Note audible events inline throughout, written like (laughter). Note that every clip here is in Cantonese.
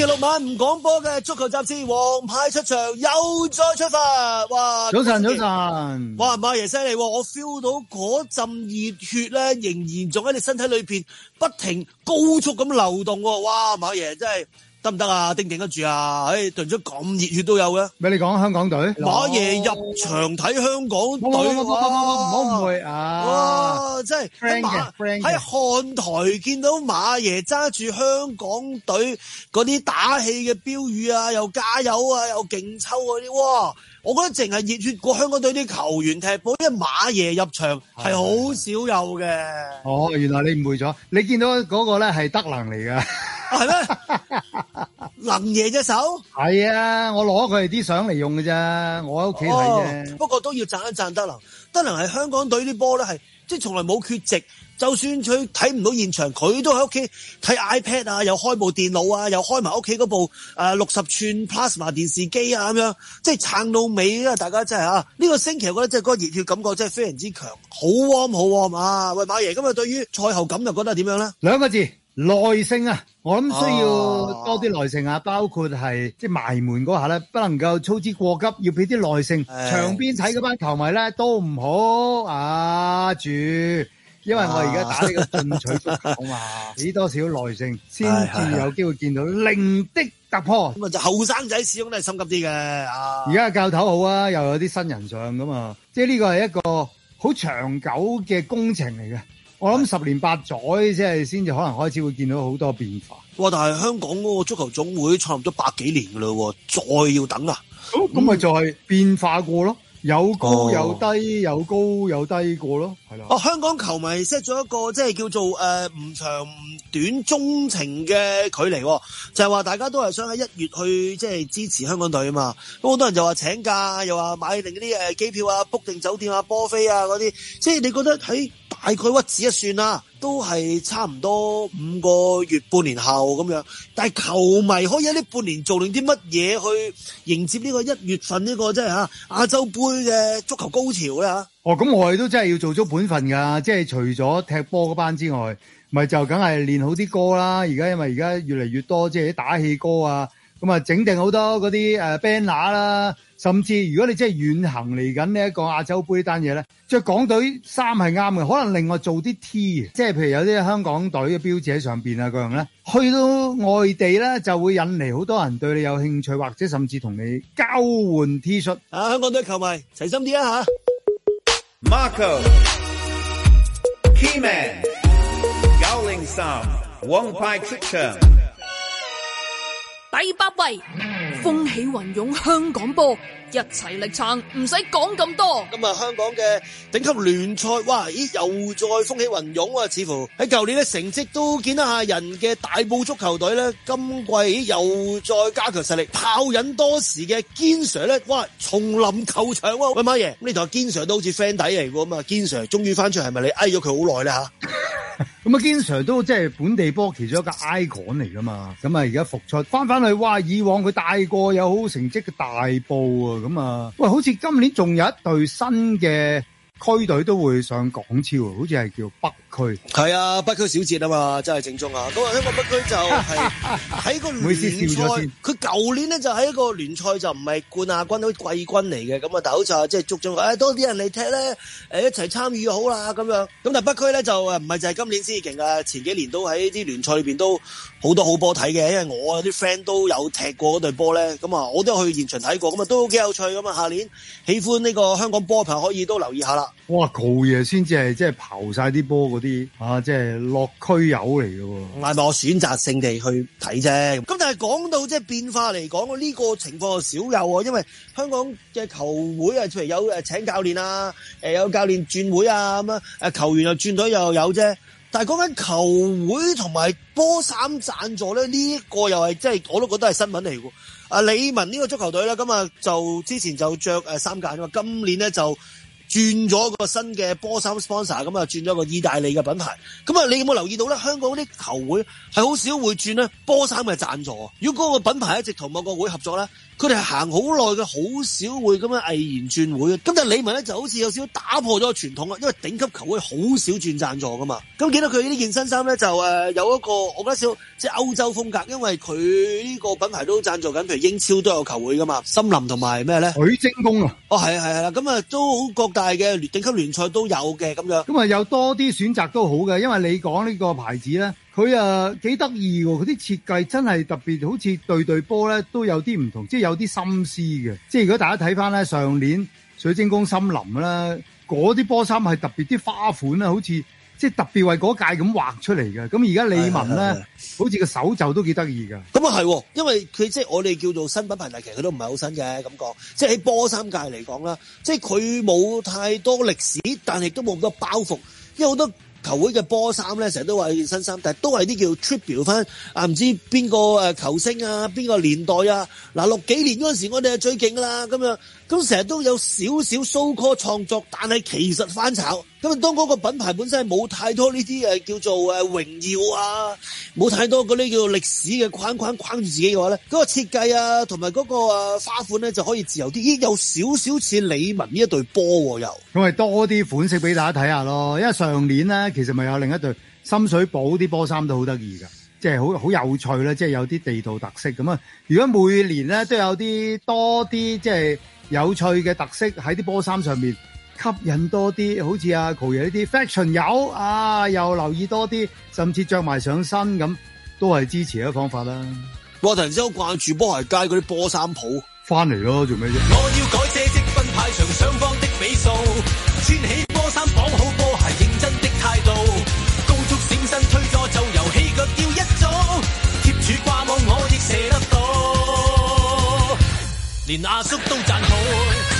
星期六晚唔廣播嘅足球雜誌皇牌出場又再出發，哇！早晨早晨，哇！馬爺犀利，我 feel 到嗰陣熱血咧，仍然仲喺你身體裏邊，不停高速咁流動，哇！馬爺真係。得唔得啊？頂唔頂得住啊？誒，隊長咁熱血都有嘅。咩你講香港隊馬爺入場睇香港隊嘅話，唔好誤會啊！哇，真係喺馬喺看台見到馬爺揸住香港隊嗰啲打氣嘅標語啊，又加油啊，又勁抽嗰啲，哇！我覺得淨係熱血過香港隊啲球員踢波，因為馬爺入場係好少有嘅。哦，原來你誤會咗。你見到嗰個咧係德能嚟㗎。係咩、啊？能贏一手？係啊，我攞佢哋啲相嚟用嘅啫，我喺屋企睇啫。不過都要贊一贊德能，德能係香港隊啲波咧，係即係從來冇缺席。就算佢睇唔到現場，佢都喺屋企睇 iPad 啊，又開部電腦啊，又開埋屋企嗰部誒六十寸、呃、plasma 電視機啊，咁樣即係撐到尾啊！大家真係啊，呢、這個星期我覺得即係嗰個熱血感覺真係非常之強，好 warm，好 warm 啊！喂，馬爺，今日對於賽後感又覺得係點樣咧？兩個字。耐性啊，我諗需要多啲耐性啊，啊包括係即係埋門嗰下咧，不能夠操之過急，要俾啲耐性。哎、場邊睇嗰班球迷咧都唔好啊住，因為我而家打呢個進取足球嘛，幾、啊、多少耐性先至有機會見到零的突破。咁啊、哎哎哎，就後生仔始終都係心急啲嘅啊。而家教頭好啊，又有啲新人上噶嘛，即係呢個係一個好長久嘅工程嚟嘅。我諗十年八載，即係先至可能開始會見到好多變化。哇！但係香港嗰個足球總會差唔多百幾年噶啦，再要等啊？咁咪、嗯、就係變化過咯，有高有低，哦、有高有低過咯，係哦，香港球迷 set 咗一個即係叫做誒唔、呃、長唔短中程嘅距離，就係、是、話大家都係想喺一月去即係支持香港隊啊嘛。咁好多人就話請假，又話買定嗰啲誒機票啊，book 定酒店啊，波飛啊嗰啲，即係你覺得喺？大概屈指一算啦，都係差唔多五個月、半年後咁樣。但係球迷可以喺呢半年做定啲乜嘢去迎接呢個一月份呢個即係嚇亞洲杯嘅足球高潮啦。哦，咁我哋都真係要做足本分噶，即係除咗踢波嗰班之外，咪就梗係練好啲歌啦。而家因為而家越嚟越多即係啲打氣歌啊。咁啊，整定好多嗰啲誒 banner 啦，甚至如果你真係遠行嚟緊呢一個亞洲杯呢單嘢咧，着港隊衫係啱嘅，可能另外做啲 T，即係譬如有啲香港隊嘅標誌喺上邊啊嗰樣咧，去到外地咧就會引嚟好多人對你有興趣，或者甚至同你交換 T 恤。啊，香港隊球迷齊心啲啊嚇！Marco, Kiman, Gouling Sam, Wong Pai Trichon。第八位，嗯、風起雲湧香港波。一齊力撐，唔使講咁多。今日香港嘅頂級聯賽，哇，咦，又再風起雲湧啊！似乎喺舊年咧成績都見得下人嘅大埔足球隊咧，今季又再加強實力，炮引多時嘅堅 Sir 咧，哇，重臨球場，啊。喂，馬爺，呢台堅 Sir 都好似 friend 底嚟噶嘛？堅、嗯、Sir 終於翻出嚟，係咪你挨咗佢好耐咧吓？咁啊，堅 Sir 都即係本地波其中一個 icon 嚟噶嘛？咁啊，而家復出翻翻去，哇，以往佢帶過有好成績嘅大埔啊！咁啊！喂，好似今年仲有一隊新嘅區隊都會上港超啊，好似係叫北區。係啊，北區小節啊嘛，真係正宗啊！咁啊，因為北區就係喺個聯賽，佢舊年咧就喺個聯賽就唔係冠亞軍都季軍嚟嘅。咁啊，但係好似即係促進，誒多啲人嚟踢咧，誒一齊參與好啦咁樣。咁但係北區咧就唔係就係今年先至勁啊，前幾年都喺啲聯賽裏邊都。好多好波睇嘅，因為我啲 friend 都有踢過嗰隊波咧，咁啊，我都去現場睇過，咁啊都幾有趣咁啊。下年喜歡呢個香港波朋友可以都留意下啦。哇，球爺先至係即係刨晒啲波嗰啲啊，即係落區友嚟嘅。唔係，咪我選擇性地去睇啫。咁但係講到即係變化嚟講，呢個情況少有啊。因為香港嘅球會啊，譬如有誒請教練啊，誒有教練轉會啊，咁啊，誒球員又轉隊又有啫。但係講緊球會同埋波衫贊助呢，呢、這、一個又係即係我都覺得係新聞嚟嘅。阿李文呢個足球隊呢，今日就之前就著三間啊，今年呢就轉咗個新嘅波衫 sponsor 咁啊，轉咗個意大利嘅品牌。咁啊，你有冇留意到咧？香港啲球會係好少會轉咧波衫嘅贊助。如果個品牌一直同某個會合作咧，佢哋係行好耐嘅，好少會咁樣毅然轉會。咁但係理文咧就好似有少少打破咗個傳統啊，因為頂級球會好少轉贊助噶嘛。咁見到佢呢件新衫咧，就誒有一個我覺得少即係歐洲風格，因為佢呢個品牌都贊助緊，譬如英超都有球會噶嘛，森林同埋咩咧？水晶宮啊！哦，係啊，係啦，咁啊都好覺得。大嘅，頂級聯賽都有嘅。咁樣，咁啊有多啲選擇都好嘅，因為你講呢個牌子咧，佢啊幾得意喎，佢啲設計真係特別，好似對對波咧都有啲唔同，即係有啲心思嘅。即係如果大家睇翻咧，上年水晶宮森林啦嗰啲波衫係特別啲花款啦，好似即係特別為嗰屆咁畫出嚟嘅，咁而家李文咧，是是是是好似個手袖都幾得意㗎。咁啊係，因為佢即係我哋叫做新品品牌，其實佢都唔係好新嘅咁講。即係喺波衫界嚟講啦，即係佢冇太多歷史，但亦都冇咁多包袱。因為好多球會嘅波衫咧，成日都話係新衫，但係都係啲叫 tribute 翻啊，唔知邊個球星啊，邊個年代啊，嗱、啊、六幾年嗰陣時我哋係最勁㗎啦，咁樣咁成日都有少少蘇科創作，但係其實翻炒。咁啊，當嗰個品牌本身係冇太多呢啲叫做榮耀啊，冇太多嗰啲叫做歷史嘅框框框住自己嘅話咧，嗰個設計啊同埋嗰個、啊、花款咧就可以自由啲，亦有少少似李文呢一對波又。咁咪多啲款式俾大家睇下咯，因為上年咧其實咪有另一對深水埗啲波衫都好得意噶，即係好好有趣啦，即係有啲地道特色咁啊。如果每年咧都有啲多啲即係有趣嘅特色喺啲波衫上面。吸引多啲，好似阿酷爺呢啲，Fashion 友，啊，又留意多啲，甚至着埋上身咁都係支持嘅方法啦、啊。我突然之間掛住波鞋街嗰啲波衫，舖返嚟囉，做咩啫？我要改寫積分派場上方的比數，穿起波衫綁，綁好波鞋，認真的態度，高速閃身推咗就由棄腳掉一組，貼住掛網，我亦射得到，連阿叔都讚好。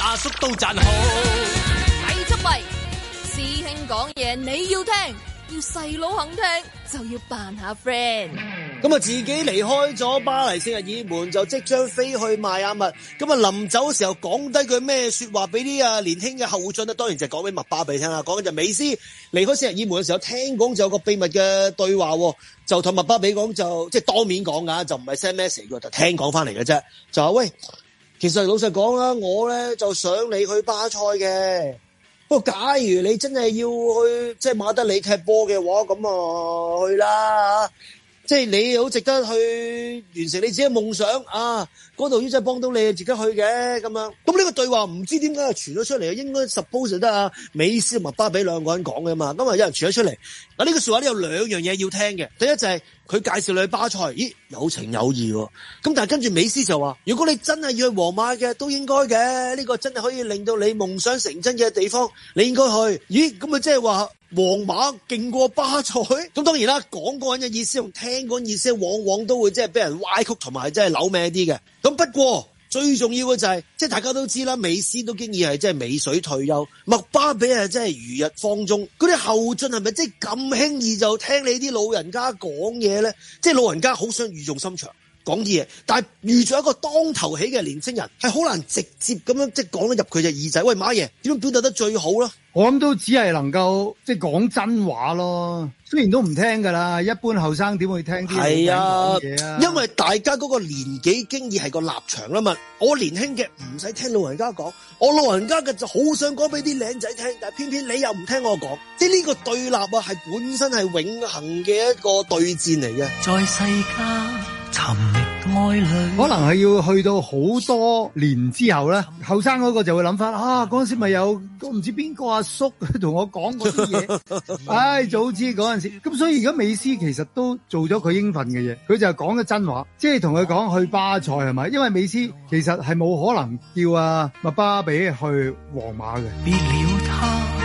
阿叔都贊好，係出位師兄講嘢你要聽，要細佬肯聽就要扮下 friend。咁啊，自己離開咗巴黎聖日耳門，就即將飛去邁阿密。咁啊，臨走時候講低句咩說話俾啲啊年輕嘅後進咧，當然就講俾麥巴比聽啦。講緊就美斯離開聖日耳門嘅時候，聽講就有個秘密嘅對話，就同麥巴比講，就即係當面講噶，就唔係 send message，就聽講翻嚟嘅啫，就話喂。其實老實講啦，我咧就想你去巴塞嘅。不過假如你真係要去即係馬德里踢波嘅話，咁啊去啦，即係你好值得去完成你自己嘅夢想啊！嗰度真係幫到你，值得去嘅咁樣。咁呢個對話唔知點解傳咗出嚟啊？應該 suppose 就得啊，美斯麥巴俾兩個人講嘅嘛。今日有人傳咗出嚟。呢個説話咧有兩樣嘢要聽嘅，第一就係佢介紹你去巴塞，咦，有情有義喎，咁但係跟住美斯就話：如果你真係要去皇馬嘅，都應該嘅，呢個真係可以令到你夢想成真嘅地方，你應該去。咦，咁啊即係話皇馬勁過巴塞？咁當然啦，講嗰人嘅意思同聽嗰意思，往往都會即係俾人歪曲同埋即係扭命啲嘅。咁不過。最重要嘅就係、是，即係大家都知啦，美斯都經已係即係美水退休，麥巴比啊真係如日方中，嗰啲後進係咪即係咁輕易就聽你啲老人家講嘢咧？即、就、係、是、老人家好想語重心長。講啲嘢，但係遇咗一個當頭起嘅年青人，係好難直接咁樣即係講得入佢隻耳仔。喂馬爺，點樣表達得最好咧？我諗都只係能夠即係講真話咯。雖然都唔聽噶啦，一般後生點會聽啲老餅講嘢啊？啊因為大家嗰個年紀經驗係個立場啦嘛。我年輕嘅唔使聽老人家講，我老人家嘅就好想講俾啲靚仔聽，但係偏偏你又唔聽我講。即係呢個對立啊，係本身係永恆嘅一個對戰嚟嘅。在世間。愛可能係要去到好多年之後咧，後生嗰個就會諗翻啊，嗰陣時咪有都唔知邊個阿叔同我講過啲嘢，唉、 (laughs) 哎，早知嗰陣時。咁所以而家美斯其實都做咗佢應份嘅嘢，佢就講咗真話，即係同佢講去巴塞係咪？因為美斯其實係冇可能叫啊麥巴比去皇馬嘅。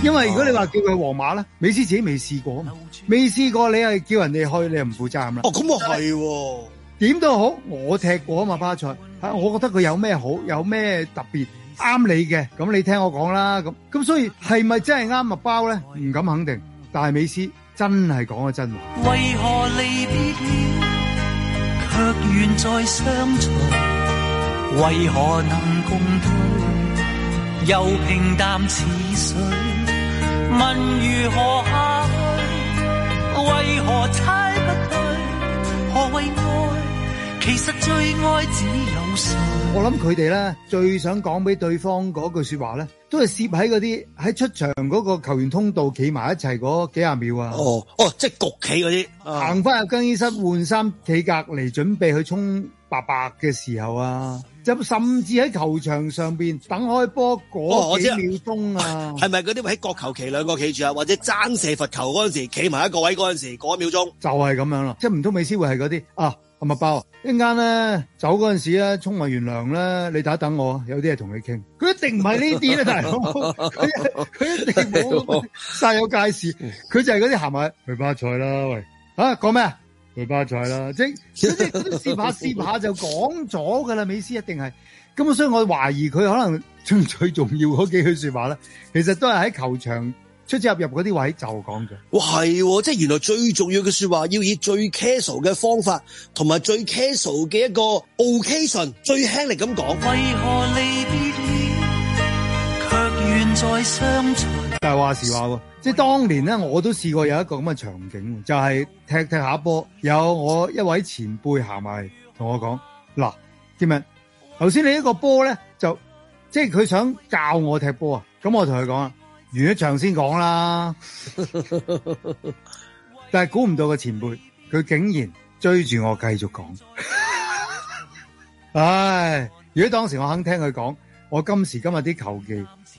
因為如果你話叫佢皇馬咧，美斯自己未試過，未試過你係叫人哋去，你又唔負責任啦。哦，咁啊係，點都好，我踢過啊嘛，巴塞，吓，我覺得佢有咩好，有咩特別啱你嘅，咁你聽我講啦，咁，咁所以係咪真係啱阿包咧？唔敢肯定，但係美斯真係講嘅真話。為何離別了卻願再相隨？為何能共對又平淡似水？問如何下去？為何猜不對？何謂愛？其實最愛只有誰？我諗佢哋咧最想講俾對方嗰句說話咧，都係攝喺嗰啲喺出場嗰個球員通道企埋一齊嗰幾廿秒啊！哦哦，即係焗企嗰啲，行翻入更衣室換衫企隔離準備去沖白白嘅時候啊！甚至喺球場上面等開波嗰幾秒鐘啊！係咪嗰啲喺角球旗兩個企住啊，或者爭射罰球嗰陣時，企埋一個位嗰陣時嗰一、那個、秒鐘？就係咁樣啦，即係唔通美斯會係嗰啲啊？阿麥包一陣間咧走嗰陣時咧，沖埋完涼咧，你打等我，有啲嘢同你傾。佢一定唔係呢啲咧，大佬，佢佢一定冇晒有介事，佢 (laughs) (laughs) 就係嗰啲鹹埋去巴塞啦喂啊，講咩？去巴塞啦，即係即係咁，蝕下蝕下就講咗㗎啦。美斯一定係，咁所以我懷疑佢可能最最重要嗰幾句說話咧，其實都係喺球場出之入入嗰啲位就講咗。喂係，即係原來最重要嘅說話，要以最 casual 嘅方法，同埋最 casual 嘅一個 occasion，最輕力咁講。為何但係話時話，即係當年咧，我都試過有一個咁嘅場景，就係踢踢下波，有我一位前輩行埋同我講：嗱，點啊？頭先你一個波咧，就即係佢想教我踢波啊。咁我同佢講啊，完咗場先講啦。 (laughs) 但係估唔到個前輩，佢竟然追住我繼續講。 (laughs) 唉，如果當時我肯聽佢講，我今時今日啲球技。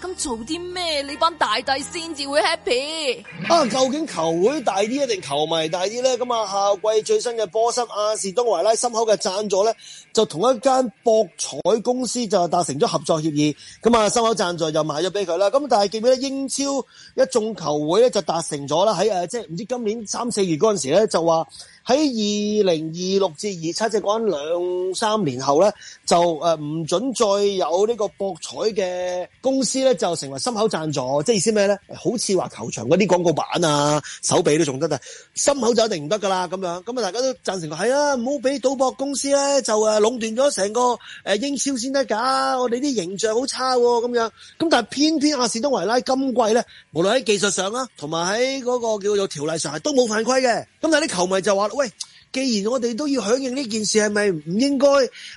咁做啲咩？你班大帝先至會 happy 啊！究竟球會大啲定球迷大啲咧？咁啊，下季最新嘅波衫阿士東維拉心口嘅贊助咧，就同一間博彩公司就達成咗合作協議。咁啊，心口贊助就賣咗俾佢啦。咁但係記唔記得英超一眾球會咧就達成咗啦？喺誒，即係唔知今年三四月嗰陣時咧就話。喺二零二六至二七即係講緊兩三年後咧，就誒唔准再有呢個博彩嘅公司咧，就成為心口贊助，即係意思咩咧？好似話球場嗰啲廣告板啊、手臂都仲得啊，心口就一定唔得噶啦咁樣。咁啊，大家都贊成係啦，唔好俾賭博公司咧就誒壟斷咗成個誒英超先得噶，我哋啲形象好差喎、哦、咁樣。咁但係偏偏阿士東維拉今季咧，無論喺技術上啦，同埋喺嗰個叫做條例上係都冇犯規嘅。咁但係啲球迷就話。喂，既然我哋都要響應呢件事，係咪唔應該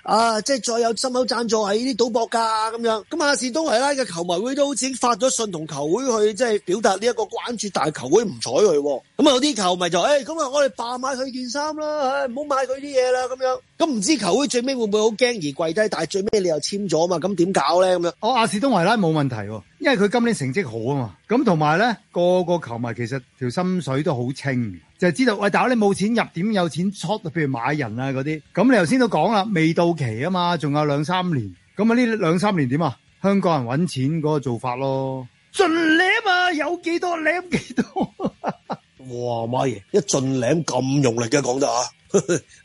啊？即係再有心口贊助喺呢啲賭博噶咁樣？咁阿士東維拉嘅球迷會都好似發咗信同球會去，即係表達呢一個關注，但係球會唔睬佢。咁、嗯、啊，有啲球迷就誒，咁、哎、啊，我哋罷買佢件衫啦，唉、哎，唔好買佢啲嘢啦，咁樣。咁、嗯、唔知球會最尾會唔會好驚而跪低？但係最尾你又簽咗嘛？咁點搞咧？咁樣？我阿士東維拉冇問題、哦。因為佢今年成績好啊嘛，咁同埋咧個個球迷其實條心水都好清，就係、是、知道喂，大佬，你冇錢入點，有錢出，譬如買人啊嗰啲。咁你頭先都講啦，未到期啊嘛，仲有兩三年。咁啊呢兩三年點啊？香港人搵錢嗰個做法咯，盡舐啊，有幾多舐幾多。 (laughs) 哇媽耶，一盡舐咁用力嘅講得啊，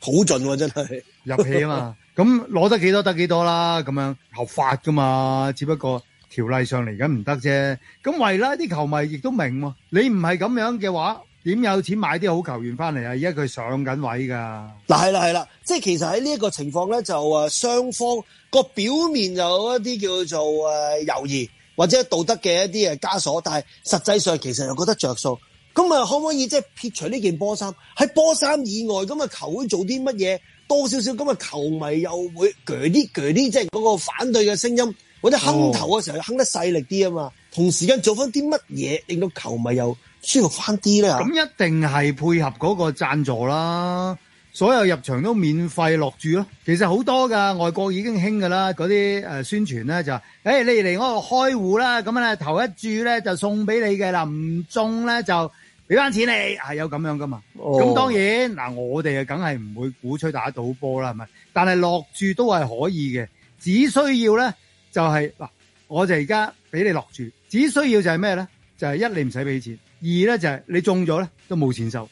好 (laughs) 盡、啊、真係 (laughs) 入戲啊嘛。咁攞得幾多得幾多啦，咁樣合法噶嘛，只不過。條例上嚟緊唔得啫，咁為啦啲球迷亦都明，你唔係咁樣嘅話，點有錢買啲好球員翻嚟啊？而家佢上緊位噶，嗱係啦係啦，即係其實喺呢一個情況咧，就誒雙方個表面就有一啲叫做誒猶豫或者道德嘅一啲嘅枷鎖，但係實際上其實又覺得着數，咁啊可唔可以即係撇除呢件波衫？喺波衫以外，咁啊球會做啲乜嘢？多少少咁啊球迷又會鋸啲鋸啲，即係嗰個反對嘅聲音。我哋坑頭嘅時候，坑得細力啲啊嘛，同時間做翻啲乜嘢，令到球迷又舒服翻啲咧？咁一定係配合嗰個贊助啦，所有入場都免費落注咯。其實好多噶外國已經興噶啦，嗰啲誒宣傳咧就係、哎、你嚟我度開戶啦，咁咧頭一注咧就送俾你嘅啦，唔中咧就俾翻錢你係有咁樣噶嘛。咁、哦、當然嗱，我哋啊梗係唔會鼓吹打賭波啦，係咪？但係落注都係可以嘅，只需要咧。就係、是、嗱，我就而家俾你落住，只需要就係咩咧？就係一你唔使俾錢，二咧就係你中咗咧都冇錢收。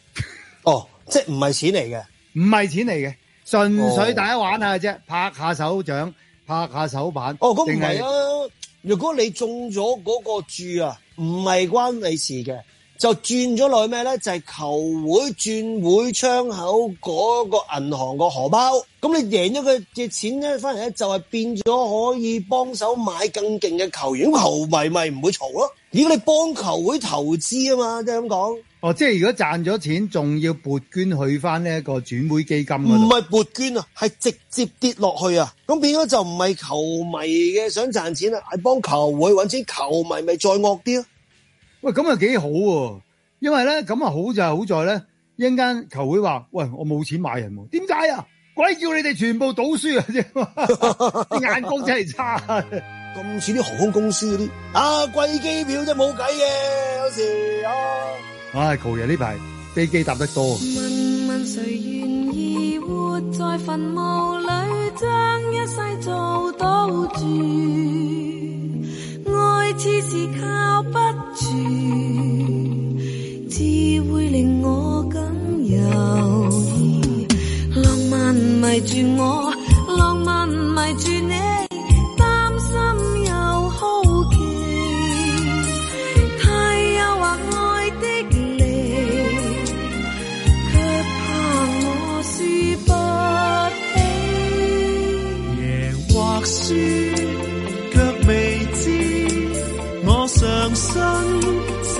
哦，即係唔係錢嚟嘅？唔係錢嚟嘅，純粹大家玩下啫，拍下手掌，拍下手板。哦，咁唔係啊，如果你中咗嗰個注啊，唔係關你事嘅。就轉咗落去咩咧？就係、是、球會轉會窗口嗰個銀行個荷包。咁你贏咗佢嘅錢咧，翻嚟咧就係變咗可以幫手買更勁嘅球員。球迷咪唔會嘈咯。如果你幫球會投資啊嘛，即係咁講。哦，即係如果賺咗錢，仲要撥捐去翻呢一個轉會基金嗰度。唔係撥捐啊，係直接跌落去啊。咁變咗就唔係球迷嘅想賺錢啊，係幫球會揾錢。球迷咪再惡啲咯、啊。喂，咁啊幾好喎，因為咧咁啊好就係好在咧，一陣間球會話，喂，我冇錢買人。點解啊？鬼叫你哋全部賭輸啊！啲 (laughs) 眼光真係差、啊，咁似啲航空公司嗰啲，啊貴機票都冇計嘅，有時、啊，唉、啊，球爺呢排飛機搭得多。愛似是靠不住，只會令我感猶豫。浪漫迷住我，浪漫迷住你。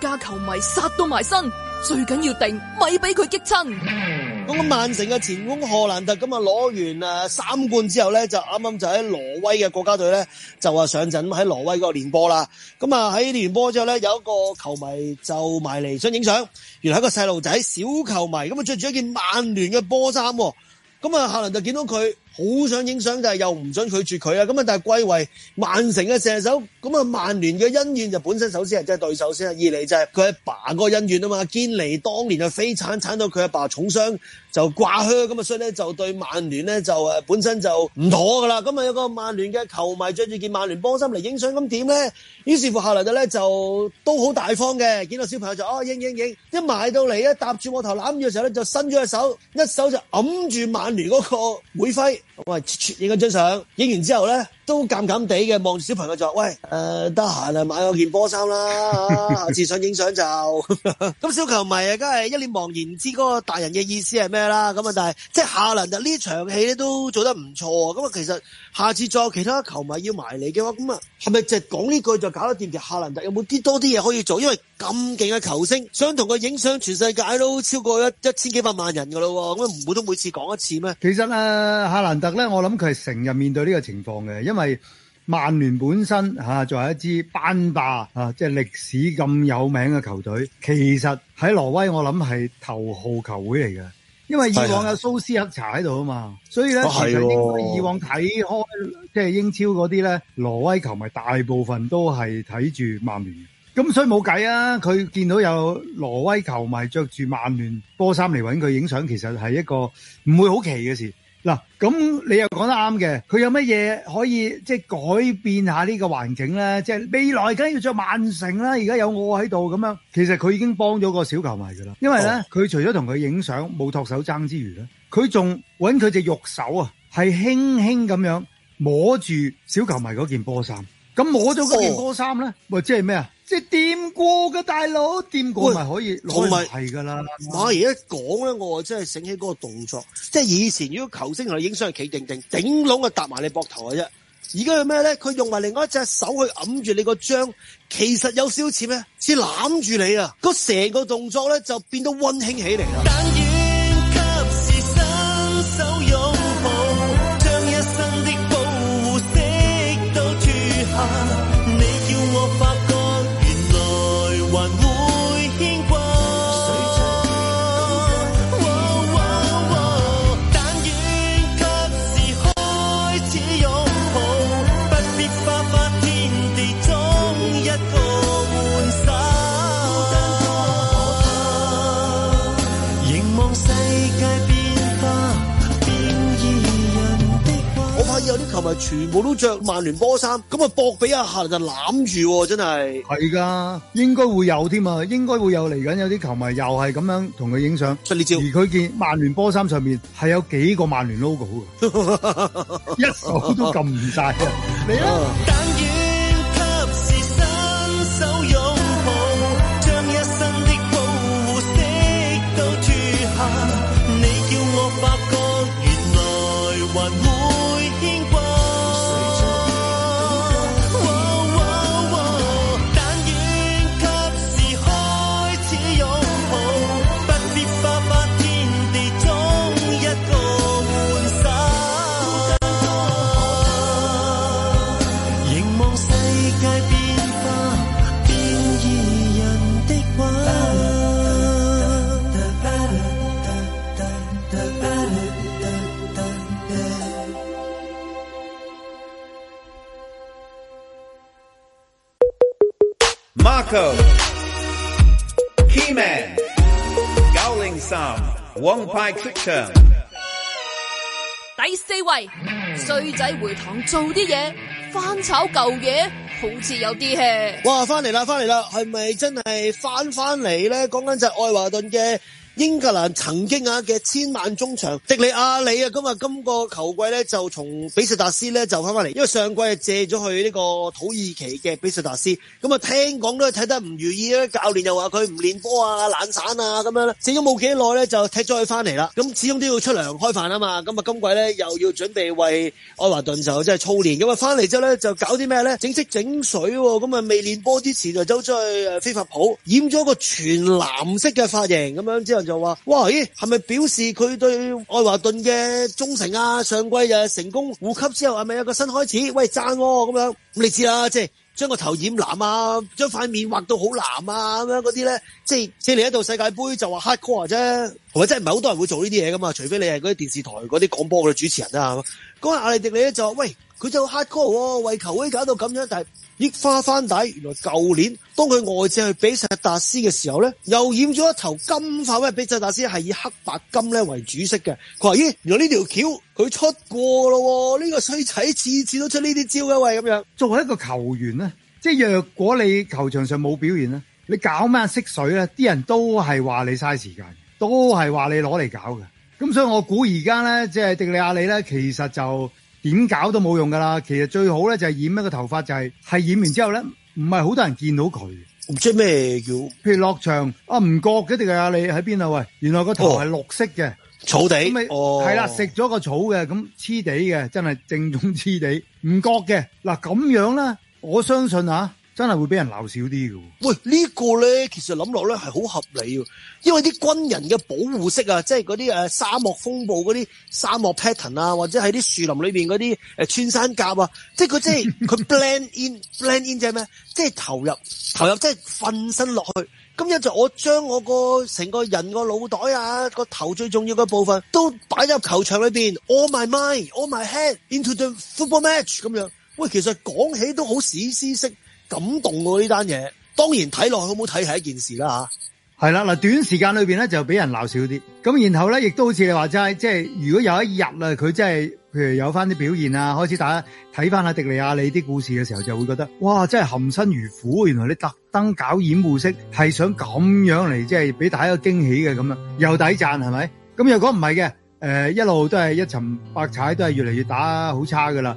家球迷殺到埋身，最緊要定咪俾佢激親。咁啊，曼城嘅前鋒賀蘭特咁啊，攞完誒三冠之後咧，就啱啱就喺挪威嘅國家隊咧，就話上陣喺挪威嗰度練波啦。咁啊喺練波之後咧，有一個球迷就埋嚟想影相，原來係個細路仔小球迷，咁啊着住一件曼聯嘅波衫，咁啊賀蘭特見到佢。好想影相，但係又唔准拒絕佢啦。咁啊，但係歸為曼城嘅射手，咁啊，曼聯嘅恩怨就本身首先係即係對手先啦。二嚟就係佢阿爸個恩怨啊嘛。堅尼當年啊飛鏟鏟到佢阿爸重傷就掛靴，咁啊，所以咧就對曼聯咧就誒本身就唔妥噶啦。咁啊，有個曼聯嘅球迷著住件曼聯幫衫嚟影相，咁點咧？於是乎後嚟就咧就都好大方嘅，見到小朋友就啊影影影，一埋到嚟咧搭住我頭攬住嘅時候咧，就伸咗隻手，一手就揞住曼聯嗰個會徽。我哋出去影嗰張相，影完之後咧。都尷尷地嘅望住小朋友就話：喂，誒得閒啦，買我件波衫啦，下次想影相就咁。 (laughs) (laughs) 小球迷啊，梗係一臉茫然，知嗰個大人嘅意思係咩啦？咁啊，但係即係夏蘭特呢場戲咧，都做得唔錯。咁啊，其實下次再有其他球迷要埋嚟嘅話，咁啊，係咪淨係講呢句就搞得掂？其實夏蘭特有冇啲多啲嘢可以做？因為咁勁嘅球星，想同佢影相全世界都超過一一千幾百萬人噶喎。咁唔會都每次講一次咩？其實啊，夏蘭特咧，我諗佢係成日面對呢個情況嘅，因為因為曼聯本身吓，啊，作為一支班霸啊，即係歷史咁有名嘅球隊，其實喺挪威我諗係頭號球會嚟嘅。因為以往有蘇斯克查喺度啊嘛，的所以咧，其實應該以往睇開，哦，即係英超嗰啲咧，挪威球迷大部分都係睇住曼聯。咁所以冇計啊，佢見到有挪威球迷着住曼聯波衫嚟搵佢影相，其實係一個唔會好奇嘅事。嗱，咁你又講得啱嘅，佢有乜嘢可以即係、就是、改變下呢個環境咧？即、就、係、是、未來梗要著曼城啦，而家有我喺度咁樣，其實佢已經幫咗個小球迷噶啦。因為咧，佢、oh. 除咗同佢影相冇托手踭之餘咧，佢仲揾佢隻肉手啊，係輕輕咁樣摸住小球迷嗰件波衫。咁摸咗嗰件波衫咧，咪、oh. 即係咩啊？即係掂過嘅，大佬，掂過咪可以攞。同埋係噶啦，唔係而家講咧，我真係醒起嗰個動作。即係以前如果球星同你影相係企定定，頂籠啊搭埋你膊頭嘅啫。而家係咩咧？佢用埋另外一隻手去揞住你個章，其實有少少似咩？似攬住你啊！個成個動作咧就變到溫馨起嚟啦。全部都着曼聯波衫，咁啊搏俾阿客就攬住，真係係噶，應該會有添啊，應該會有，嚟緊有啲球迷又係咁樣同佢影相。出照而佢見曼聯波衫上面係有幾個曼聯 logo， (laughs) 一手都撳唔晒 (laughs) 吧。你啊！Marco 903、Keyman Gawling Sam、黃牌主持人，第四位衰仔回堂做啲嘢，翻炒舊嘢，好似有啲氣。哇！是是翻嚟啦，翻嚟啦，係咪真係翻翻嚟咧？講緊就係愛華頓嘅。英格蘭曾經啊嘅千萬中場迪里亞里啊，咁啊今個球季咧就從比薩達斯咧就翻翻嚟，因為上季啊借咗去呢個土耳其嘅比薩達斯，咁啊聽講都睇得唔如意啦，教練又話佢唔練波啊、懶散啊咁樣，死咗冇幾耐咧就踢咗佢翻嚟啦，咁始終都要出糧開飯啊嘛，咁啊今季咧又要準備為愛華頓就即係操練，咁啊翻嚟之後咧就搞啲咩咧整色整水喎，咁啊未練波之前就走咗去誒飛髮舖染咗個全藍色嘅髮型咁樣之後。就話，哇，咦，係咪表示佢對愛華頓嘅忠誠啊？上季啊成功護級之後，係咪有一個新開始？喂，讚喎，哦，咁樣，咁你知啦，即係將個頭染藍啊，將塊面畫到好藍啊，咁樣嗰啲咧，即係借嚟一度世界盃就話黑哥啊啫，同埋真係唔係好多人會做呢啲嘢噶嘛，除非你係嗰啲電視台嗰啲廣播嘅主持人啦，啊，咁阿里迪利迪你咧就話，喂。佢就黑哥、哦，為球會搞到咁樣，但係益花翻底。原來舊年當佢外借去比薩達斯嘅時候咧，又染咗一頭金髮，因為比薩達斯係以黑白金咧為主色嘅。佢話咦，原來呢條橋佢出過咯、哦，呢、這個衰仔次次都出呢啲招嘅，喂咁樣。作為一個球員咧，即係若果你球場上冇表現咧，你搞咩色水咧，啲人都係話你嘥時間，都係話你攞嚟搞嘅。咁所以我估而家咧，即係迪尼亞利咧，其實就。點搞都冇用噶啦，其實最好咧就係染一個頭髮就係、是、係染完之後咧，唔係好多人見到佢。唔知咩叫？譬如落場啊，唔覺嘅定係阿你喺邊度喂？原來個頭係綠色嘅、哦、草地，係啦就，食咗、哦、個草嘅，咁黐地嘅，真係正宗黐地，唔覺嘅。嗱咁樣咧，我相信啊。真係會俾人鬧少啲嘅喎。喂，這個、呢個咧其實諗落咧係好合理嘅，因為啲軍人嘅保護色啊，即係嗰啲誒沙漠風暴嗰啲沙漠 pattern 啊，或者喺啲樹林裏面嗰啲誒穿山甲啊，即係佢即係佢 blend in (laughs) blend in 即係咩？即、就、係、是、投入投入即係瞓身落去。咁一就我將我個成個人個腦袋啊，個頭最重要嘅部分都擺入球場裏邊 All my mind, all my head, into the football match 咁樣。喂，其實講起都好史詩式。感動喎呢單嘢，當然睇落去好唔好睇係一件事啦，啊、嚇。係啦嗱，短時間裏邊咧就俾人鬧少啲，咁然後咧亦都好似你話齋，即係如果有一日啦，佢真係譬如有翻啲表現啊，開始打睇翻阿迪尼亞你啲故事嘅時候，就會覺得哇，真係含辛茹苦，原來你特登搞演護式，係想咁樣嚟，即係俾大家驚喜嘅咁樣，又抵讚係咪？咁若果唔係嘅，誒、呃、一路都係一沉百踩，都係越嚟越打好差噶啦。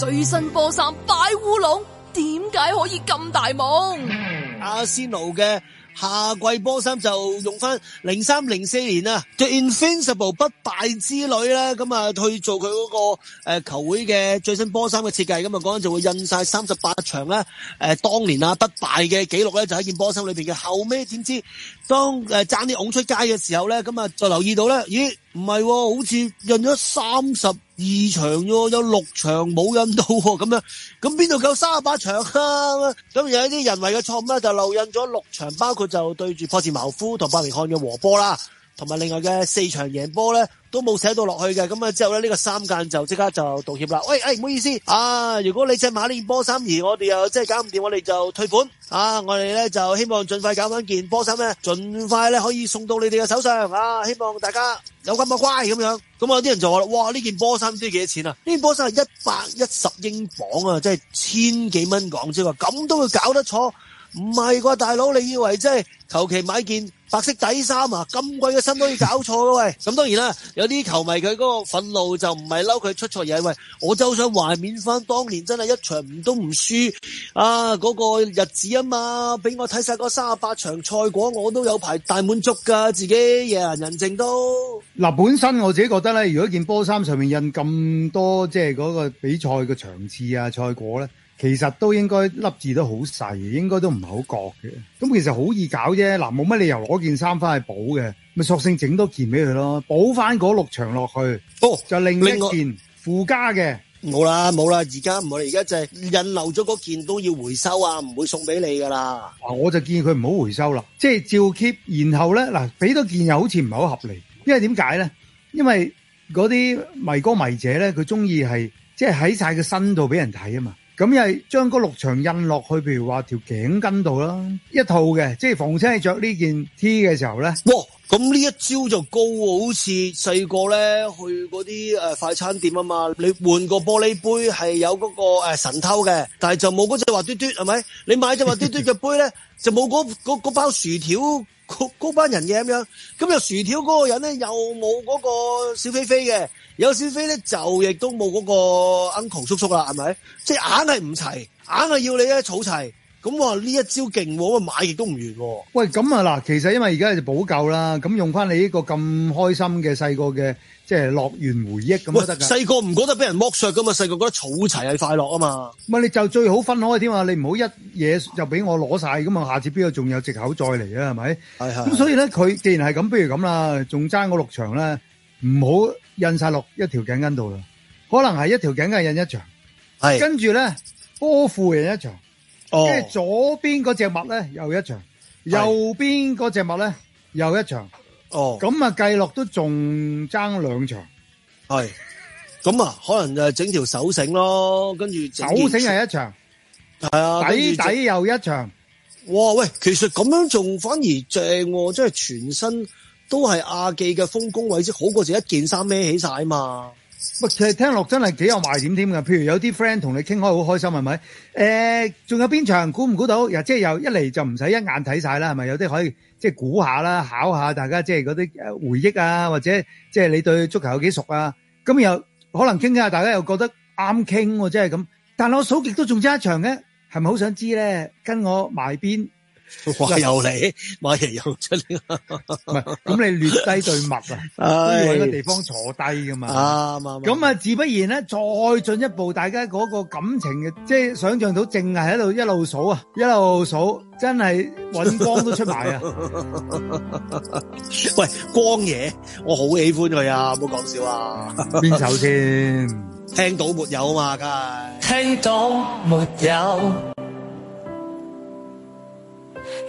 最新波衫擺烏龍，點解可以咁大懵？阿仙奴嘅下季波衫就用翻零三零四年啊，The Invincible 不敗之旅咧，咁啊去做佢嗰個誒球會嘅最新波衫嘅設計，咁啊嗰陣就會印晒三十八場咧，誒當年啊不敗嘅紀錄咧，就喺件波衫裏邊嘅。後尾點知當誒爭啲推出街嘅時候咧，咁啊就留意到咧，咦？唔係喎，好似印咗三十二場喎，有六場冇印到喎。哦，咁樣，咁邊度夠三十八場啊？咁有一啲人為嘅錯誤咧，就漏印咗六場，包括就對住破士茅夫同伯明漢嘅和波啦。同埋另外嘅四場贏波咧，都冇寫到落去嘅。咁啊之後咧呢、這個三間就即刻就道歉啦。喂，誒唔好意思啊，如果你只買呢件波衫而我哋又即係搞唔掂，我哋就退款啊！我哋咧就希望盡快搞翻件波衫咧，盡快咧可以送到你哋嘅手上啊！希望大家有咁嘅乖咁樣，咁、嗯、啊有啲人就話啦，哇呢件波衫知幾多錢啊？呢件波衫係一百一十英鎊啊，即係千幾蚊港紙啊，咁都會搞得錯？唔係啩，大佬你以為即係求其買件？白色底衫啊，咁貴嘅衫都要搞錯咯喂！咁當然啦，有啲球迷佢嗰個憤怒就唔係嬲佢出錯，嘢，喂，我就想懷緬返當年真係一場都唔輸啊！嗰、嗰個日子啊嘛，俾我睇晒嗰三十八場賽果，我都有排大滿足噶，自己野人人證都。嗱、呃，本身我自己覺得咧，如果件波衫上面印咁多，即係嗰個比賽嘅場次啊，賽果咧。其實都應該粒字都好細，應該都唔係好覺嘅。咁其實好易搞啫。嗱，冇乜理由攞件衫翻去補嘅，咪索性整多件俾佢咯，補翻嗰六場落去。哦，就另一件另外附加嘅。冇啦，冇啦。而家唔係，而家就印漏咗嗰件都要回收啊，唔會送俾你噶啦。嗱，我就建議佢唔好回收啦，即係照 keep。然後咧，嗱，俾多件又好似唔係好合理，因為點解咧？因為嗰啲迷哥迷姐咧，佢中意係即係喺曬個身度俾人睇啊嘛。咁又係將嗰六場印落去，譬如話條頸巾度啦，一套嘅，即係防身係着呢件 T 嘅時候咧。哇！咁呢一招就高喎，好似細個咧去嗰啲誒快餐店啊嘛，你換個玻璃杯係有嗰個誒神偷嘅，但係就冇嗰隻滑嘟嘟係咪？你買隻滑嘟嘟嘅杯咧， (laughs) 就冇嗰嗰嗰包薯條。嗰 (laughs) 班人嘅咁樣，咁又薯條嗰個人咧又冇嗰個小菲菲嘅，有小菲咧就亦都冇嗰個 uncle 叔叔啦，係咪？即係硬係唔齊，硬係要你咧儲齊。咁我話呢一招勁，咁買亦都唔完。喂，咁啊嗱，其實因為而家就補救啦，咁用翻你呢個咁開心嘅細個嘅。即係樂園回憶咁啊，得嘅。細個唔覺得俾人剝削噶嘛，細個覺得儲齊係快樂啊嘛。唔係你就最好分開添啊，你唔好一嘢就俾我攞晒咁啊，下次邊個仲有藉口再嚟啊？係咪？係係。咁所以咧，佢既然係咁，不如咁啦，仲爭我六場咧，唔好印晒落一條頸巾度啦。可能係一條頸巾印一場，係。跟住咧，波褲印一場，哦。跟住左邊嗰隻襪咧又一場，右邊嗰隻襪咧又一場。哦，咁啊計落都仲爭兩場，係，咁啊可能就整條手繩咯，跟住手繩係一場，係啊，底底又一場，哇喂，其實咁樣仲反而正喎，即係全身都係阿記嘅豐功偉績，好過就一件衫孭起晒啊嘛。喂，其實，啊、其實聽落真係幾有賣點添噶，譬如有啲 friend 同你傾開好開心，係咪？誒、欸，仲有邊場估唔估到？又即係又一嚟就唔使一眼睇晒啦，係咪？有啲可以。即係估下啦，考下大家，即係嗰啲回憶啊，或者即係你對足球有幾熟啊？咁又可能傾下，大家又覺得啱傾，即係咁。但係我數極都仲爭一場嘅，係咪好想知咧？跟我埋邊？話又嚟，話又出嚟，咁你略低對麥啊？都要喺個地方坐低噶嘛。啱啱。咁啊，自不然咧，再進一步，大家嗰個感情嘅，即係想象到，淨係喺度一路數啊，一路數，真係搵光都出埋啊！喂，光嘢，我好喜歡佢啊，唔好講笑啊！邊首先？聽到沒有啊嘛？噶，聽到沒有？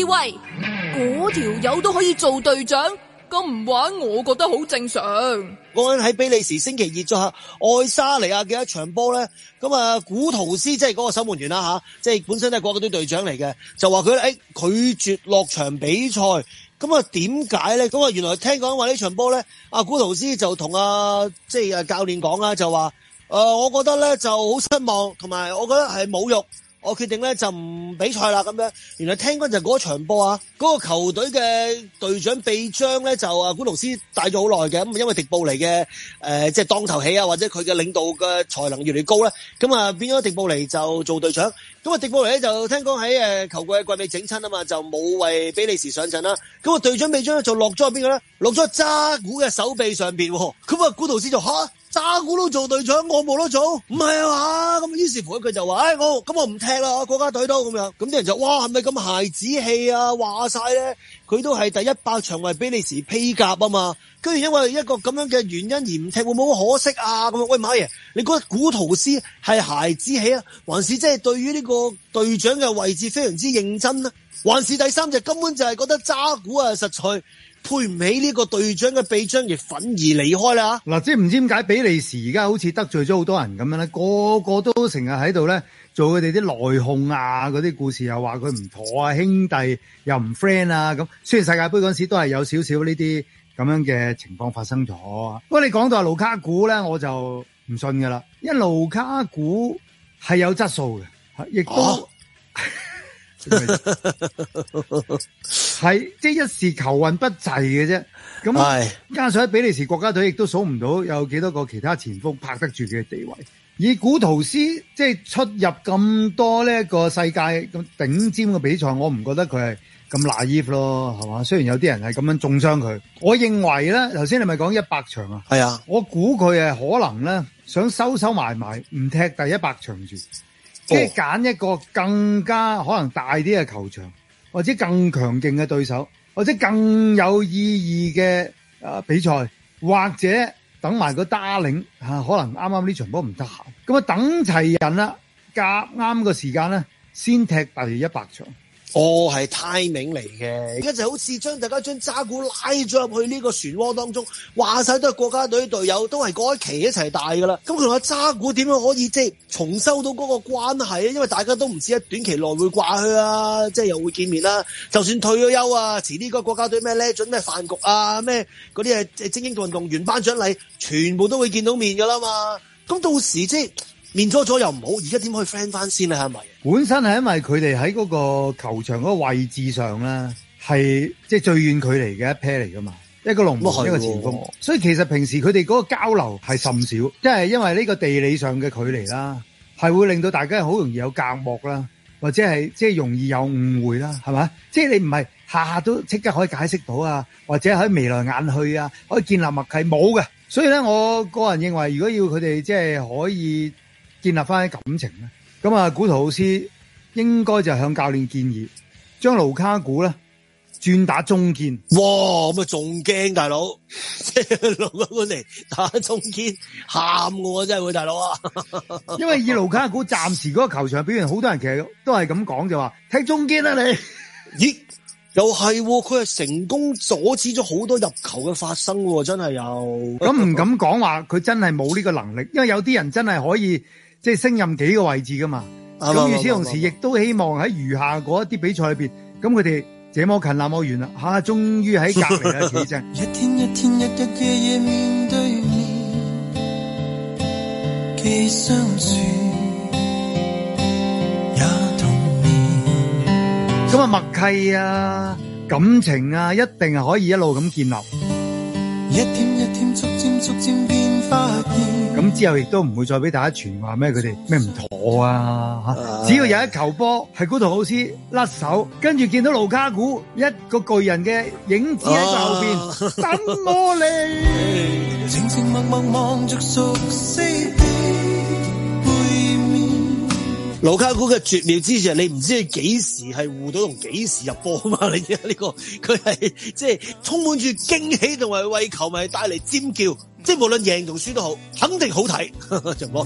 以嗰條友都可以做隊長，咁唔玩我覺得好正常。我喺比利時星期二作客愛沙尼亞嘅一場波咧，咁啊古圖斯即係嗰個守門員啦吓，即係本身都係國家隊隊長嚟嘅，就話佢誒拒絕落場比賽，咁啊點解咧？咁啊原來聽講話呢場波咧，阿古圖斯就同阿即係教練講啦，就話誒我覺得咧就好失望，同埋我覺得係侮辱。我決定咧就唔比賽啦咁樣。原來聽講就嗰場波啊，嗰個球隊嘅隊長臂章咧就啊古龍斯戴咗好耐嘅。咁因為迪布尼嘅誒即係當頭起啊，或者佢嘅領導嘅才能越嚟越高咧，咁啊變咗迪布尼就做隊長。咁啊，迪布尼咧就聽講喺誒球季嘅季尾整親啊嘛，就冇為比利時上陣啦。咁啊，隊長臂章咧就落咗喺邊個咧？落咗揸鼓嘅手臂上邊。咁啊，古導師就吓，揸鼓都做隊長，我冇得做，唔係啊嘛。咁於是乎，佢就話：，哎，我咁我唔踢啦，我國家隊都咁樣。咁啲人就：，哇，係咪咁孩子氣啊？話晒咧。佢都係第一百場為比利時披甲啊嘛，居然因為一個咁樣嘅原因而唔踢，會唔會好可惜啊？咁樣喂，馬爺，你覺得古圖斯係孩子氣啊，還是即係對於呢個隊長嘅位置非常之認真咧啊？還是第三隻根本就係覺得渣古實而而啊，實在配唔起呢個隊長嘅臂章，亦憤而離開啦？嗱，即係唔知點解比利時而家好似得罪咗好多人咁樣咧，個個都成日喺度咧。做佢哋啲內訌啊，嗰啲故事又話佢唔妥啊，兄弟又唔 friend 啊，咁雖然世界杯嗰陣時都係有少少呢啲咁樣嘅情況發生咗。不過你講到阿盧卡古咧，我就唔信㗎喇，因為盧卡古係有質素嘅，亦都係即係一時球運不濟嘅啫。咁唉加上喺比利時國家隊亦都數唔到有幾多個其他前鋒拍得住佢嘅地位，以古圖斯即係出入咁多呢個世界咁頂尖嘅比賽，我唔覺得佢係咁 naive 咯，係嘛？雖然有啲人係咁樣中傷佢，我認為咧，頭先你咪講一百場啊，係啊的，我估佢係可能咧想收收埋埋，唔踢第一百場住，即係揀一個更加可能大啲嘅球場，或者更強勁嘅對手，或者更有意義嘅誒比賽，或者。等埋個打領可能啱啱呢場波唔得閒，咁啊等齊人啦，夾啱個時間咧，先踢大約一百場。哦，係 timing 嚟嘅，而家就好似將大家將渣古拉咗入去呢個漩渦當中，話晒都係國家隊隊友，都係嗰一期一齊大噶啦。咁佢話渣古點樣可以即係重修到嗰個關係咧？因為大家都唔知一短期內會掛去啊，即係又會見面啦、啊。就算退咗休啊，遲啲嗰國家隊咩咧准咩飯局啊，咩嗰啲誒精英運動員頒獎禮，全部都會見到面噶啦嘛。咁到時即係。面阻阻又唔好，而家點可以 friend 翻先呢？係咪？本身係因為佢哋喺嗰個球場嗰個位置上咧，係即係最遠距離嘅一 pair 嚟噶嘛，一個龍門、哦、一個前鋒，所以其實平時佢哋嗰個交流係甚少，即、就、係、是、因為呢個地理上嘅距離啦，係會令到大家好容易有隔膜啦，或者係即係容易有誤會啦，係咪？即、就、係、是、你唔係下下都即刻可以解釋到啊，或者喺眉來眼去啊，可以建立默契冇嘅。所以咧，我個人認為，如果要佢哋即係可以。建立翻啲感情咧，咁啊，古圖老師應該就向教練建議，將盧卡古咧轉打中堅。哇，咁啊仲驚大佬，即係盧卡古嚟打中堅，喊嘅真係會大佬啊！ (laughs) 因為以盧卡古暫時嗰個球場表現，好多人其實都係咁講就話，踢中堅啦、啊、你。咦，又係、哦，佢係成功阻止咗好多入球嘅發生，真係又咁唔敢講話，佢真係冇呢個能力，因為有啲人真係可以。即係升任幾個位置噶嘛？咁與此同時，亦都希望喺餘下嗰一啲比賽裏邊，咁佢哋這麼近那麼遠啦，吓，終於喺隔籬啦，幾正。一天一天，日日夜夜面對面，既相處也同眠。咁啊，默契啊，感情啊，一定係可以一路咁建立。一天一天，逐漸逐漸變。咁之後亦都唔會再俾大家傳話咩？佢哋咩唔妥啊？啊，只要有一球波係古陀老師甩手，跟住見到盧卡古一個巨人嘅影子喺個後邊，等我嚟！盧卡古嘅絕妙之處，你唔知佢幾時係護到同幾時入波啊嘛？你啊呢、這個佢係即係充滿住驚喜同埋為球迷帶嚟尖叫。即係無論贏同輸都好，肯定好睇，就冇。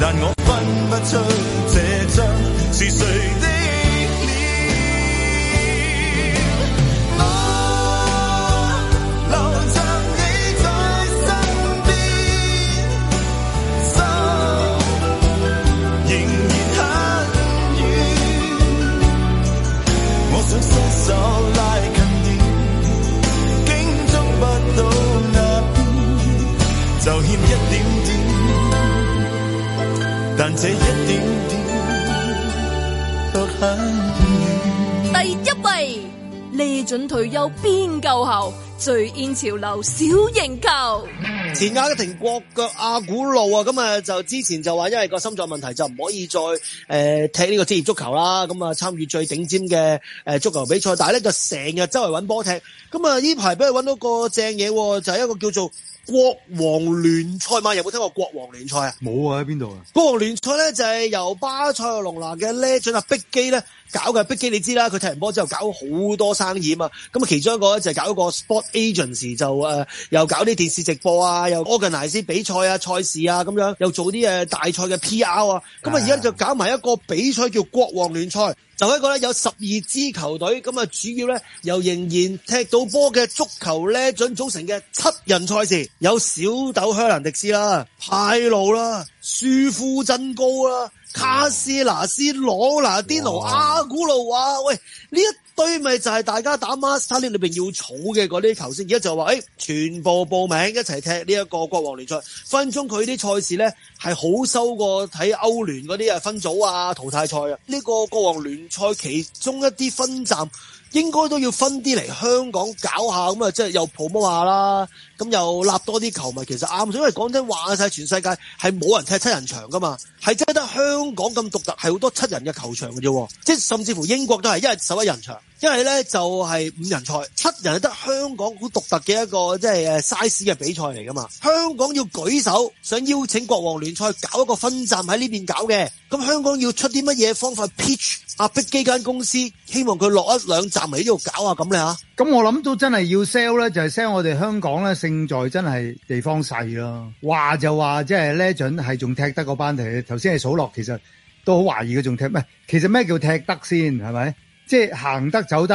但我分不出這張是誰的。這一點點都第一位，利準退休邊夠後，最煙潮流小型球前阿根廷國腳阿古路啊，咁啊就之前就話，因為個心臟問題就唔可以再誒踢呢個職業足球啦。咁啊參與最頂尖嘅誒足球比賽，但係咧就成日周圍揾波踢。咁啊呢排俾佢揾到一個正嘢，就係、是、一個叫做。國王聯賽嘛，有冇聽過國王聯賽啊？冇啊，喺邊度啊？國王聯賽咧就係由巴塞隆拿嘅 legend 阿碧基咧搞嘅。碧基你知啦，佢踢完波之後搞好多生意啊。咁啊，其中一個咧就係搞一個 sport agents 就誒、呃，又搞啲電視直播啊，又 organise 比賽啊、賽事啊咁樣，又做啲誒大賽嘅 PR 啊。咁啊、哎呀，而家就搞埋一個比賽叫國王聯賽。就一個咧，有十二支球隊咁啊，主要咧由仍然踢到波嘅足球咧，準組成嘅七人賽事，有小豆香蘭迪斯啦、派路啦、舒夫真高啦。卡斯拿斯、羅拿迪奴、哇阿古魯啊！喂，呢一堆咪就係大家打 Master League 裏邊要儲嘅嗰啲球星，而家就話誒、欸，全部報名一齊踢呢一個國王聯賽。分鐘佢啲賽事咧係好收過睇歐聯嗰啲啊，分組啊、淘汰賽啊。呢、這個國王聯賽其中一啲分站應該都要分啲嚟香港搞一下咁啊，即係又 promo 下啦，咁又立多啲球迷。其實啱。因為講真話曬，全世界係冇人踢七人場噶嘛，係真。香港咁獨特係好多七人嘅球場嘅啫，即係甚至乎英國都係一係十一人場，一係咧就係五人賽，七人係得香港好獨特嘅一個即係誒 size 嘅比賽嚟噶嘛。香港要舉手想邀請國王聯賽搞一個分站喺呢邊搞嘅，咁香港要出啲乜嘢方法 pitch 阿碧基間公司，希望佢落一兩站嚟呢度搞啊咁咧嚇。咁我諗都真係要 sell 咧，就係 sell 我哋香港咧勝在真係地方細咯。話就話即係 Legend 係仲踢得嗰班，頭先係數。其實都好懷疑佢仲踢咩？其實咩叫踢得先係咪？即係行得走得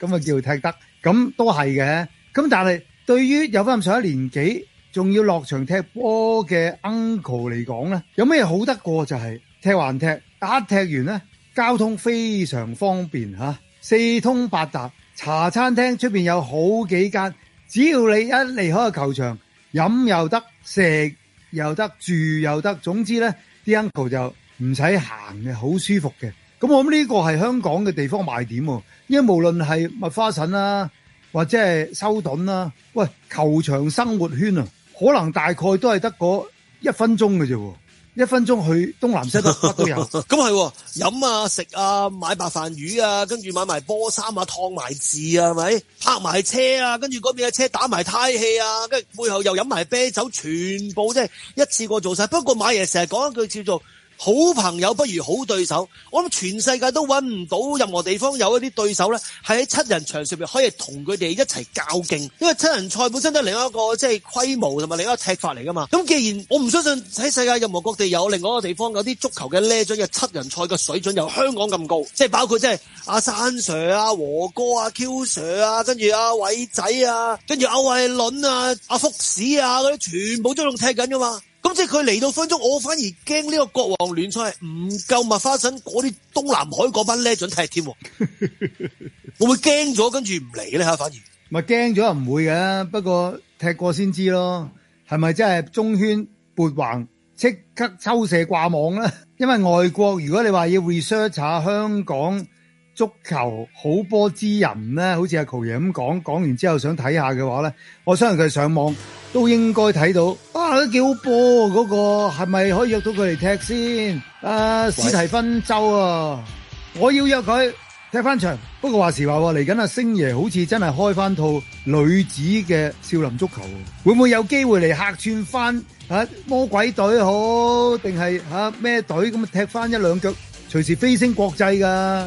咁啊， (laughs) 就叫踢得咁都係嘅。咁但係對於有返咁上下年紀仲要落場踢波嘅 uncle 嚟講咧，有咩好得過就係踢還踢打踢完咧，交通非常方便吓，四通八達。茶餐廳出邊有好幾間，只要你一離開個球場飲又得、食又得、住又得，總之咧。Denco 就唔使行嘅，好舒服嘅。咁我諗呢個係香港嘅地方賣點喎。因為無論係麥花臣啦，或者係修頓啦，喂，球場生活圈啊，可能大概都係得嗰一分鐘嘅啫喎。一分鐘去東南西北都有、 (laughs) 啊，咁係飲啊食啊買白飯魚啊，跟住買埋波衫啊，燙埋字啊，係咪泊埋車啊？跟住嗰邊嘅車打埋胎氣啊，跟住背後又飲埋啤酒，全部即係一次過做晒。不過買嘢成日講一句叫做，好朋友不如好對手，我諗全世界都搵唔到任何地方有一啲對手咧，係喺七人場上面可以同佢哋一齊較勁。因為七人賽本身都係另外一個即係規模同埋另一個踢法嚟噶嘛。咁既然我唔相信喺世界任何各地有另外一個地方有啲足球嘅呢種嘅七人賽嘅水準有香港咁高，即係包括即係阿山 Sir 啊、和哥啊、Q Sir 啊，跟住阿偉仔啊，跟住歐偉倫啊、阿福士啊，啊嗰啲，全部都仲踢緊噶嘛。咁即係佢嚟到分鐘，我反而驚呢個國王聯賽，唔夠麥花臣嗰啲東南海嗰班叻準踢添，我會驚咗跟住唔嚟咧嚇，反而咪驚咗又唔會嘅，不過踢過先知咯，係咪真係中圈撥橫、即刻抽射掛網咧？因為外國如果你話要 research 下香港，足球好波之人咧，好似阿球爺咁講，講完之後想睇下嘅話咧，我相信佢上網都應該睇到。佢、啊、都好波嗰、啊嗰個係咪可以約到佢嚟踢先？啊，史提芬周啊，我要約佢踢翻場。不過話時話，嚟緊阿星爺好似真係開翻套女子嘅少林足球，會唔會有機會嚟客串翻魔鬼隊好，定係吓咩隊咁踢翻一兩腳？隨時飛升國際噶。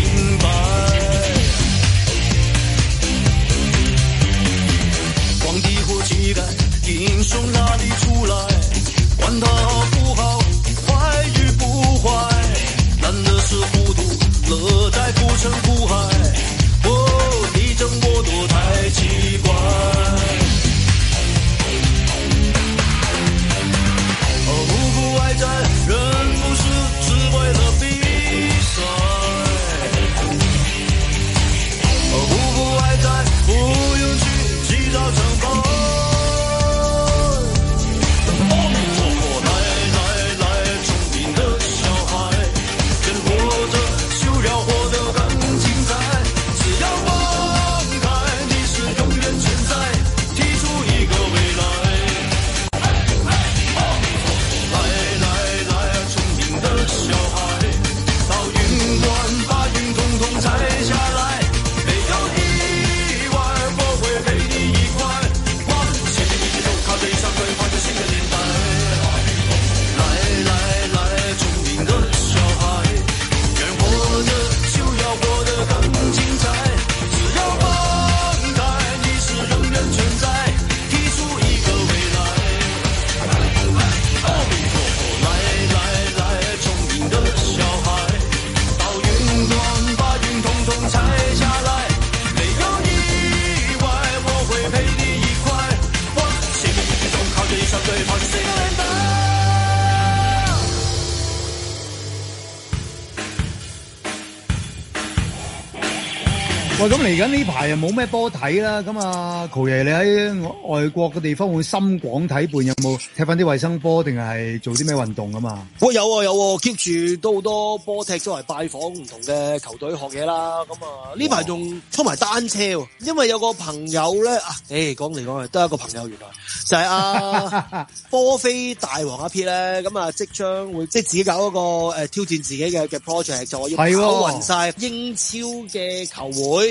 喂，咁嚟緊呢排又冇咩波睇啦，咁啊，球爺你喺外國嘅地方會深廣睇半，有冇踢翻啲衛生波，定係做啲咩運動啊？嘛，我、哦、有啊、哦、有，keep 住都好多波踢，都係拜訪唔同嘅球隊學嘢啦。咁、嗯、啊，呢排仲衝埋單車，哇因為有個朋友咧啊，誒講嚟講去都係一個朋友，啊哎、說來說朋友原來就係、是、啊，波 (laughs) 飛大王阿撇咧。咁啊，即將會即自己搞一個、呃、挑戰自己嘅嘅 project，就係要跑、哦、勻曬英超嘅球會。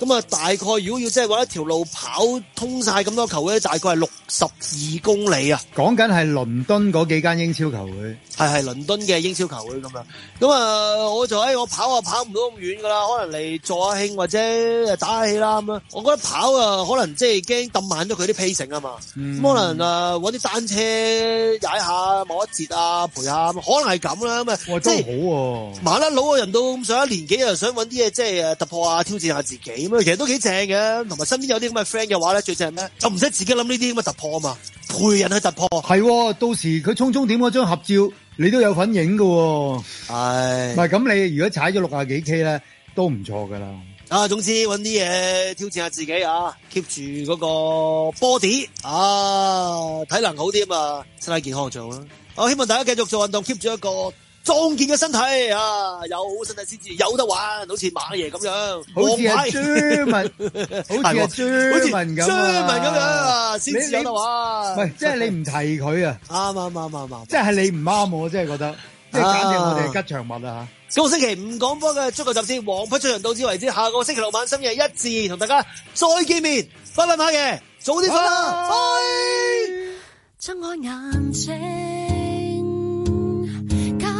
咁啊，大概如果要即係話一條路跑通晒咁多球會嘅，大概係六十二公里啊！講緊係倫敦嗰幾間英超球會，係係倫敦嘅英超球會咁樣。咁啊，我就喺、欸、我跑啊，跑唔到咁遠噶啦，可能嚟助下興或者打下氣啦，咁我覺得跑啊，可能即係驚抌慢咗佢啲 pacing 啊嘛。咁、嗯、可能啊，搵啲單車踩下，望一截啊，陪下，可能係咁啦。咁喂即啊，都好喎，麻甩佬嘅人都咁上下年紀啊，想搵啲嘢即係誒突破下，挑戰下自己。其實都幾正嘅，同埋身邊有啲咁嘅 friend 嘅話咧，最正係咩？就唔使自己諗呢啲咁嘅突破啊嘛，陪人去突破。係、哦，到時佢匆匆點嗰張合照，你都有份影㗎、哦。係唉，唔係咁你如果踩咗六廿幾 K 咧，都唔錯噶啦。啊，總之揾啲嘢挑戰下自己啊，keep 住嗰個 body 啊，體能好啲啊嘛，身體健康做啦、啊。我希望大家繼續做運動，keep 住一個。壯健嘅身體啊，有好身體先至有得玩，好似馬爺咁樣，好似阿文，好似阿文咁樣。文咁樣先至有得玩。喂，即係你唔提佢啊。啱啱啱啱啱，即係你唔啱我，即係覺得，即係簡直我哋係吉祥物啦吓。今個星期唔講波嘅足球集資，皇牌出場到此為止。下個星期六晚深夜一致同大家再見面，拜拜馬爺，早啲瞓啦，愛眼睛。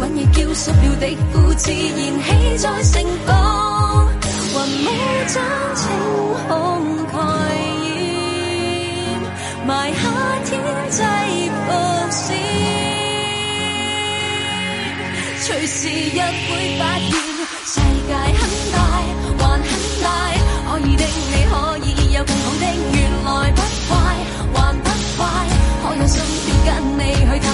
滾熱叫灼了的故事燃起在盛放，雲霧將晴空蓋掩，埋下天際伏線。隨時亦會發現，世界很大，還很大，可以的，你可以有共同的。原來不快，還不快，可有心便跟你去。